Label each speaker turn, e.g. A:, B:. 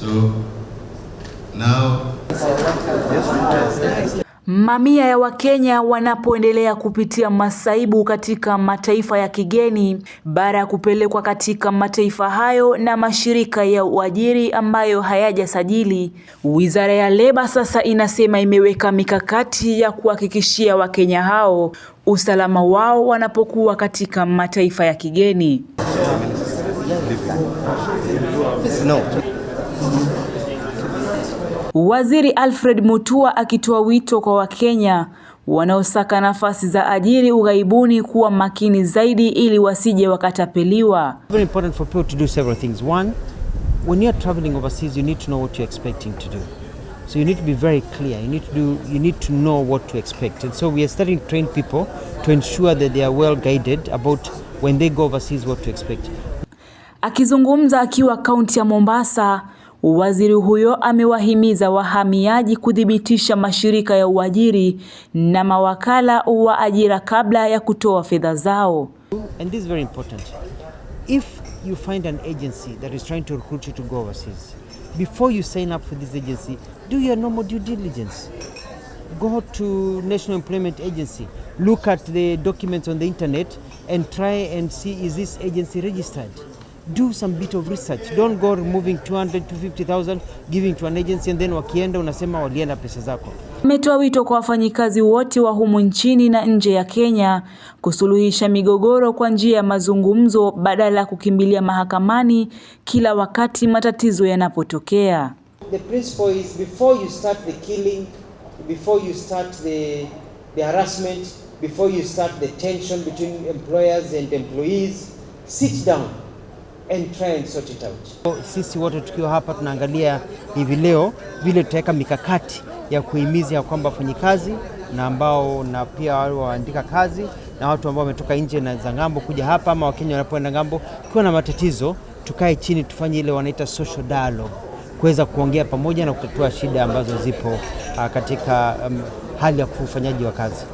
A: So, now... Mamia ya Wakenya wanapoendelea kupitia masaibu katika mataifa ya kigeni baada ya kupelekwa katika mataifa hayo na mashirika ya uajiri ambayo hayajasajili. Wizara ya Leba sasa inasema imeweka mikakati ya kuhakikishia Wakenya hao usalama wao wanapokuwa katika mataifa ya kigeni. No. Waziri Alfred Mutua akitoa wito kwa Wakenya wanaosaka nafasi za ajira ughaibuni kuwa makini zaidi ili wasije wakatapeliwa.
B: Very important for people to do several things. One, when you are traveling overseas you need to know what you're expecting to do. So you need to be very clear. You need to do you need to know what to expect. And so we are starting to train people to ensure that they are well guided about when they go overseas what to expect.
A: Akizungumza akiwa kaunti ya Mombasa, waziri huyo amewahimiza wahamiaji kuthibitisha mashirika ya uajiri na mawakala wa ajira kabla ya kutoa fedha zao.
B: And this is very important. If you find an agency that is trying to recruit you to go overseas, before you sign up for this agency, do your normal due diligence. Go to National Employment Agency, look at the documents on the internet and try and see is this agency registered do some bit of research. Don't go removing 200 to 50,000 giving to an agency and then wakienda unasema walienda pesa zako.
A: Ametoa wito kwa wafanyikazi wote wa humu nchini na nje ya Kenya kusuluhisha migogoro kwa njia ya mazungumzo badala ya kukimbilia mahakamani kila wakati matatizo yanapotokea.
B: The principle is before you start the killing, before you start the, the harassment, before you start the tension between employers and employees, sit down and try and sort it out.
C: Sisi wote tukiwa hapa tunaangalia hivi leo vile tutaweka mikakati ya kuhimiza ya kwamba wafanyikazi na ambao na pia wale waandika kazi na watu ambao wametoka nje na za ngambo kuja hapa ama Wakenya wanapoenda ngambo, ukiwa na matatizo tukae chini tufanye ile wanaita social dialogue, kuweza kuongea pamoja na kutatua shida ambazo zipo uh, katika um, hali ya ufanyaji wa kazi.